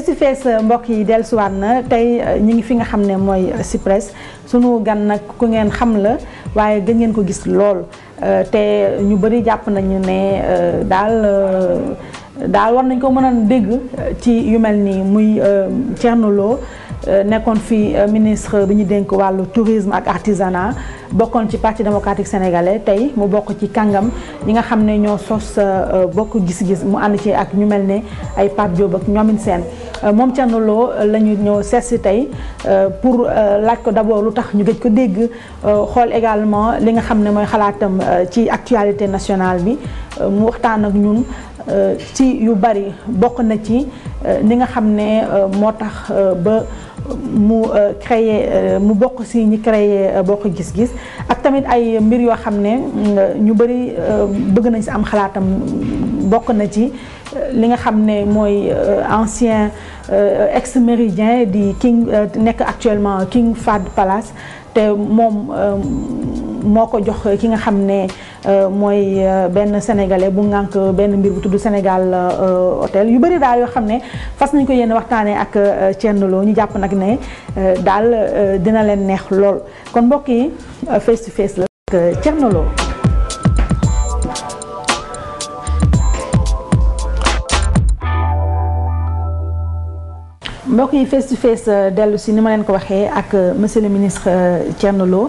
face euh, mbokk yi dellusiwaat na tey euh, ñi ngi fi nga xam ne mooy euh, Cypress sunu gan nag ku ngeen xam la waaye gën ngeen ko gis lool te ñu bëri jàpp nañu ne daal daal war nañ ko mën a dégg ci yu mel nii muy Thierno Lo nekkoon fi ministre bi ñu dénk wàllu tourisme ak artisana bokkoon ci parti démocratique sénégalais tey mu bokk ci kàngam ñi nga xam ne ñoo sos bokk gis-gis mu ànd ci ak ñu mel ne ay Pape Diop ak ñoomin seen Euh, moom Thierno Lo euh, la ñu ñëw seet si tey euh, pour laaj ko d'abord lu tax ñu gëj ko dégg xool également li nga xam ne mooy xalaatam ci actualité nationale bi mu waxtaan ak ñun ci yu bari bokk na ci ni nga xam ne moo tax ba mu créer mu bokk si ñi créer bokk gis-gis ak tamit ay mbir yoo xam ne mm, ñu bari bëgg nañ si am xalaatam bokk na ci li nga xam ne mooy euh, ancien euh, ex méridien di King euh, nekk actuellement King Fahd Palace te moom moo ko jox ki nga xam ne mooy benn sénégalais bu ngànk benn mbir bu tuddu Sénégal hôtel yu bëri daal yoo xam ne fas nañ ko yéen waxtaanee ak Thierno Lo ñu jàpp nag ne daal dina leen neex lool kon mbokk yi face to face la ak mbokk yi face to face euh, dellu si ni ma leen ko waxee ak euh, monsieur le ministre euh, Thierno Lo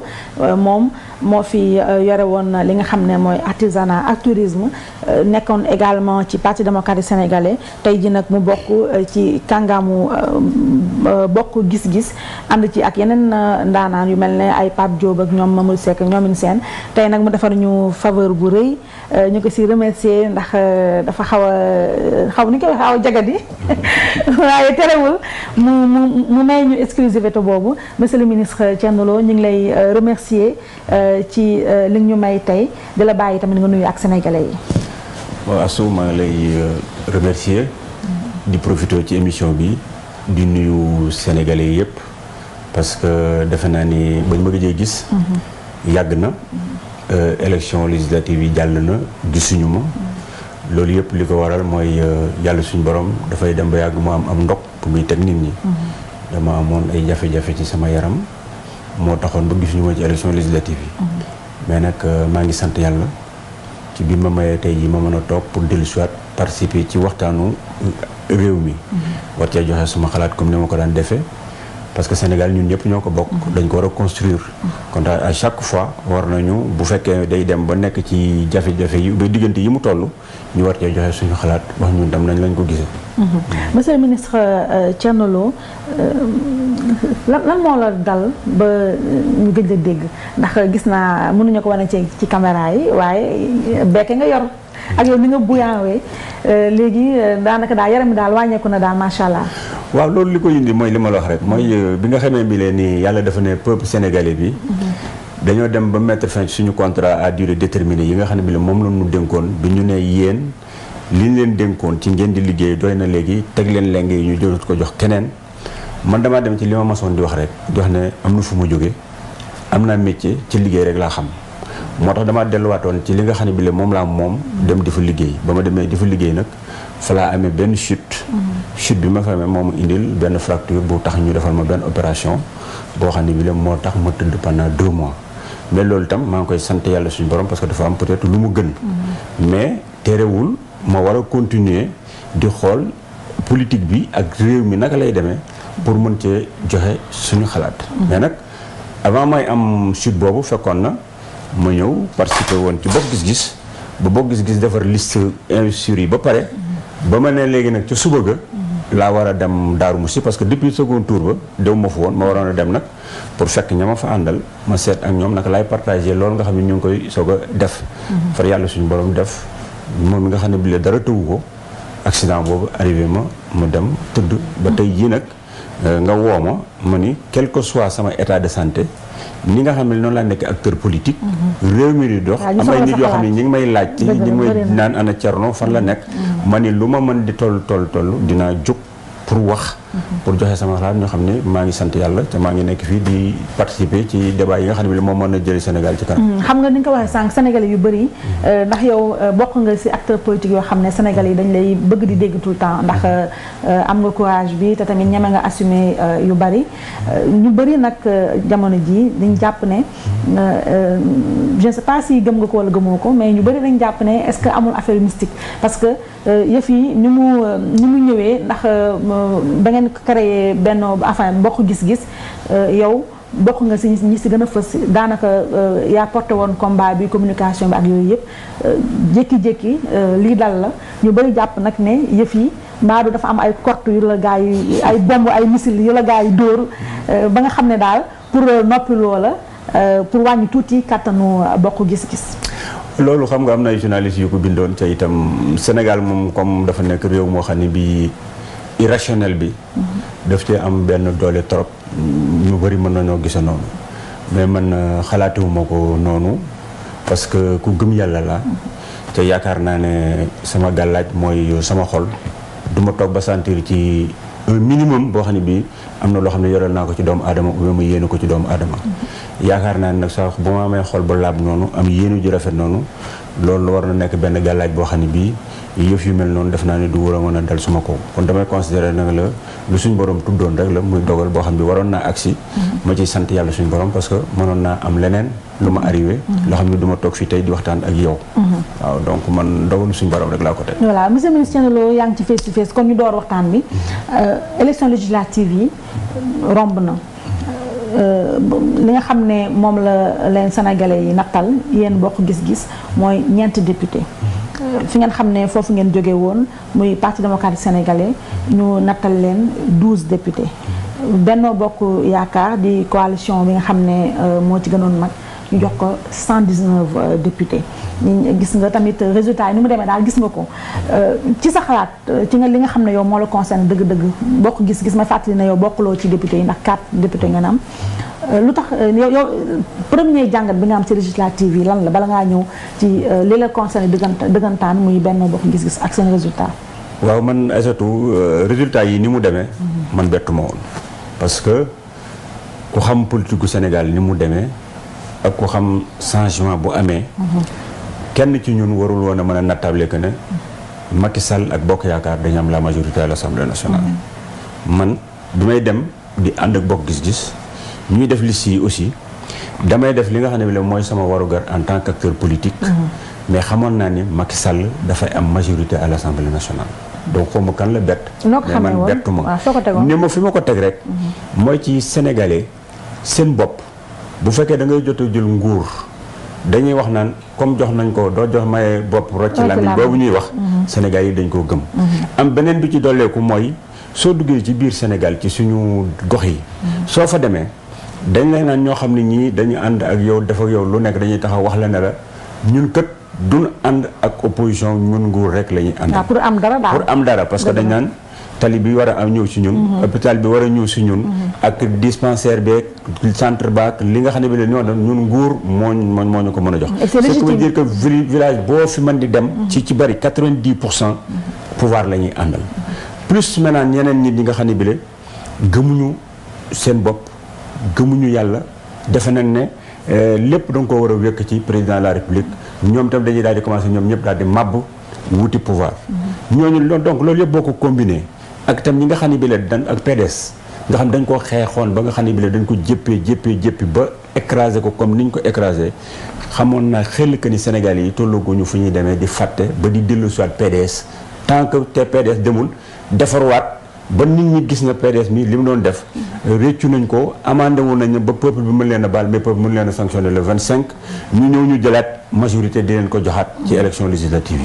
moom. moo fi euh, yore woon euh, li nga xam ne mooy artisanat ak tourisme euh, nekkoon également ci parti démocratique sénégalais tey ji nag mu bokk ci kàngaamu bokk gis-gis ànd ci ak yeneen ndaanaan yu mel ne ay Pape Diop ak ñoom Mamadou Seck ñoomin seen tey nag mu defar ñu faveur bu rëy ñu ko si remercier ndax dafa xaw xaw ni ñu koy xaw a jagadi waaye terewul mu mu may ñu exclusivité boobu monsieur le ministre Thierno Lo ñu ngi lay remercier ci euh, li ñu may tey di la bàyyi tamit nga nuyu ak sénégalais yi. waaw Astou ma ngi lay euh, remercier. di profiter ci émission bi di nuyu sénégalais yëpp parce que defe naa ni bañ ma gëjee gis. Mhm. yàgg na. Mhm. Euh, élection législative yi jàll na gisuñu ma. Mhm. loolu yëpp li ko waral mooy yàlla suñu borom dafay dem ba yàgg mu am am ndox bu muy teg nit ñi. dama amoon ay jafe-jafe ci sama yaram. moo taxoon ba gis ñu ma ci élection législative yi. Mm-hmm. mais nag euh, maa ngi sant yàlla ci bi ma may tey jii ma mën a toog pour dellu si waat participer ci waxtaanu euh, réew mi. Mm-hmm. war cee joxe suma xalaat comme ni ma ko daan defee. parce que Sénégal ñun ñëpp ñoo ko bokk. dañ ko war a construire. kon à chaque fois war nañu bu fekkee day dem ba nekk ci jafe-jafe yi ba diggante yi mu toll ñu war cee joxe suñu xalaat wax ñun dem nañ lañ ko gisee. Mm-hmm. monsieur le ministre euh, Thierno euh, lan lan moo la dal ba ñu gëj a dégg ndax gis naa mënuñu ko war wane ci ci caméra yi waaye bekke nga yor. ak yow ni nga buyaawee euh, léegi daanaka daal yaram mi daal wàññeeku na daal macha allah. waaw loolu li ko indi mooy li ma la wax rek mooy euh, bi nga xamee bi leen yàlla dafa ne peuple sénégalais bi. Mm-hmm. dañoo dem ba mettre fin suñu contrat à dure déterminée yi nga xam ne bi moom la ñu dënkoon bi ñu ne yéen li ñu leen dénkoon ci ngeen di liggéey doy na léegi teg leen leng yi ñu jëlut ko jox keneen man damaa dem ci li ma masoon di wax rek jox wax ne am na fu ma jógee am naa métier ci liggéey rek laa xam. moo tax damaa delluwaatoon ci li nga xam ne bi la moom laa moom dem di fa liggéey ba ma demee di fa liggéey nag fa laa amee benn chute chute bi ma fa amee moom indil benn fracture bu tax ñu defal ma benn opération boo xam ne bi la moo tax ma tëdd pendant deux mois mais loolu tam maa ngi koy sant yàlla suñu borom parce que dafa am peut-être lu mu gën mais terewul ma war a continuer di xool politique bi ak réew mi naka lay demee pour mën cee joxe suñu xalaat mais nag avant may am chute boobu fekkoon na ma ñëw participer woon ci bokk gis-gis ba bokk gis-gis defar list investiture yi ba pare ba ma ne léegi nag ca suba ga laa war a dem Daaru Musi parce que depuis second tour ba dew ma fa woon ma waroon a dem nag pour fekk ña ma fa àndal ma seet ak ñoom naka laay partagé loolu nga xam ne ñu ngi koy soog a def mhm. far yàlla suñu borom def moom mi nga xam ne bi dara tëwu ko accident boobu arrivé ma mu dem tudd ba mhm. tey jii nag Euh, nga woo ma ma ni quel que soit sama état de santé ni nga xam ne noonu laa nekk acteur politique. Mhm. réew mi di dox. am ay nit yoo xam ne ñu ngi may laaj ci ñu ngi may naan ana Thierno fan la nekk. Mhm. ma ni lu ma mën di toll toll toll dinaa jóg pour wax. pour joxe sama xalaat ñu xam ne maa ngi sant yàlla te maa ngi nekk fii di participer ci débat yi nga xam ne moom mën na jëlee Sénégal ci kanam. xam nga ni nga ko waxee sànq sénégalais euh, euh, yi dañ lay bëgg di dégg tout temps ndax mm-hmm. euh, am nga courage bi te tamit ñeme nga assumer yu bëri ñu bëri nag jamono ji dañ jàpp ne je ne sais gëm nga ko wala gëmoo ko mais ñu bëri dañ jàpp ne est-ce que amul affaire mystique parce que yëf yi ni mu ni mu ñëwee ndax ngeen créé benn enfin bokk gis-gis euh, yow bokk nga si ñi si gën a fës daanaka euh, yaa porté woon combat bi communication bi ak yooyu yëpp euh, jékki-jékki lii dal la ñu bëri jàpp nag ne yëf yi maadu dafa am ay korte yu la gaa yi ay bomb ay missile yu la gaa yi dóor ba nga xam ne daal pour noppi loola pour wàññi tuuti kàttanu bokk gis-gis. loolu xam nga am na ay journalistes yu ko bindoon ca itam Sénégal moom comme dafa nekk réew moo xam ne bii. irrationnel bi daf ci am benn doole trop ñu bëri mën nañoo gisa noonu mais man euh, xalaatewuma ko noonu parce que ku gëm yàlla la te yaakaar naa ne sama gàllaaj mooy sama xol duma toog ba sentir ci un minimum boo xam ne bii am na loo xam ne yoral naa ko ci doomu aadama ou bien mu yéene ko ci doomu aadama yaakaar naa ne nag sax bu ma amee xol ba laab noonu am yéenu ju rafet noonu loolu war na nekk benn gàllaaj boo xam ne bii yëf yu mel noonu def naa ne du war a mën a dal suma kaw kon damay considéré nag la lu suñ borom tuddoon rek la muy dogal boo xam ne waroon naa agsi mm-hmm. ma ciy sant yàlla suñ borom parce que manoon naa am leneen lu ma arrivé mm-hmm. loo xam ne du ma toog fii tey di waxtaan ak yow mm-hmm. waaw donc man dogalu suñ borom rek laa ko teg voilà monsieur le ministre Lô yaa ngi ci face to face kon ñu door waxtaan bi euh, élection législative yi romb na euh, li nga xam ne moom la leen sénégalais yi nattal yéen bokk gis-gis mooy ñeent député fi ngeen xam ne foofu ngeen jóge woon muy parti démocratique sénégalais ñu nattal leen douze députés Benno Bokk Yaakaar di coalition bi nga xam ne euh, moo ci gënoon mag ñu jox ko cent dix-neuf euh, députés gis nga tamit résultat yi ni mu demee daal gis nga ko euh, ci sa xalaat euh, ci nga li nga xam ne yow moo la concerne dëgg-dëgg bokk gis-gis ma fàttali ne yow bokkuloo ci député ndax quatre député nga am euh, lu tax yow yow premier jàngat bi nga am ci législative yi lan la bala ngaa ñëw ci li la concerne dëggantaan muy benn bokk gis-gis ak seen résultat waaw man surtout résultat yi ni mu demee mhm. man bettu ma woon parce que ku xam politique gu Sénégal ni mu demee ak ku xam changement bu amee mhm. kenn ci ñun warul woon a mën a nattable que ne Macky Sall ak Bokk Yaakaar dañ am la majorité à l'Assemblée nationale. man bi may dem di ànd ak Bokk Gis-Gis ñuy def liste yi aussi damay def li nga xam ne bi la mooy sama warugar en tant qu'acteur politique. mais xamoon naa ne Macky Sall dafay am majorité à l'Assemblée nationale. donc xaw ma kan la bett. noo ko xamee woon bettu ma ne ma fi ma ko teg rek. mooy ci sénégalais seen bopp bu fekkee da ngay jot jël nguur. dañuy wax naan comme jox nañ ko doo jox maye bopp rocc làmmiñ boobu ñuy wax mhm. Sénégal yi dañ koo gëm mhm. am beneen bi ci dolleeku mooy soo duggee ci biir Sénégal ci suñu gox yi mhm. soo fa demee dañ lay naan ñoo xam ne ñii dañu ànd ak yow dafa yow lu nekk dañuy taxaw wax la ne la ñun kët duñ ànd ak opposition ñun nguur rek la ñuy ànd ah, pour am dara daal pour am dara parce que dañ naan tali bi war a am ñëw si ñun mhm. hôpital bi war a ñëw si ñun mhm. ak dispensaire beeg centre baak li nga xam ne bi leen ñoo doon ñun nguur mooñ mooñ moo ñu ko mën a jox ce qui veut dire que village boo fi man di dem mhm. ci ci bari quatre-vingt-dix cent pouvoir la ñuy àndal plus maintenant ñeneen nit ñi nga xam ne bi gëmuñu seen bopp gëmuñu yàlla defe nañ ne euh, lépp da nga ko war a wékk ci président de la république ñoom tam dañuy daal di commencé ñoom ñëpp daal di màbb wuti pouvoir ñooñu donc loolu yëpp boo ko combiné ak tam ñi nga xam ne bi la dan nga xam dañ koo xeexoon ba nga xam ne bi la dañ ko jëppee jëppee jëppi ba écrasé ko comme niñ ko écrasé xamoon naa xel que ni Sénégal yi tollaguñu fu ñuy demee di fàtte ba di dellu soit PDS tant que te PDS demul waat ba nit ñi gis na PDS mi li mu doon def réccu nañ ko amandé woon nañ ba peuple bi mën leen a baal mais peuple mën leen a sanctionné vingt 25 ñu ñëw ñu jëlaat majorité di leen ko joxaat ci élection législative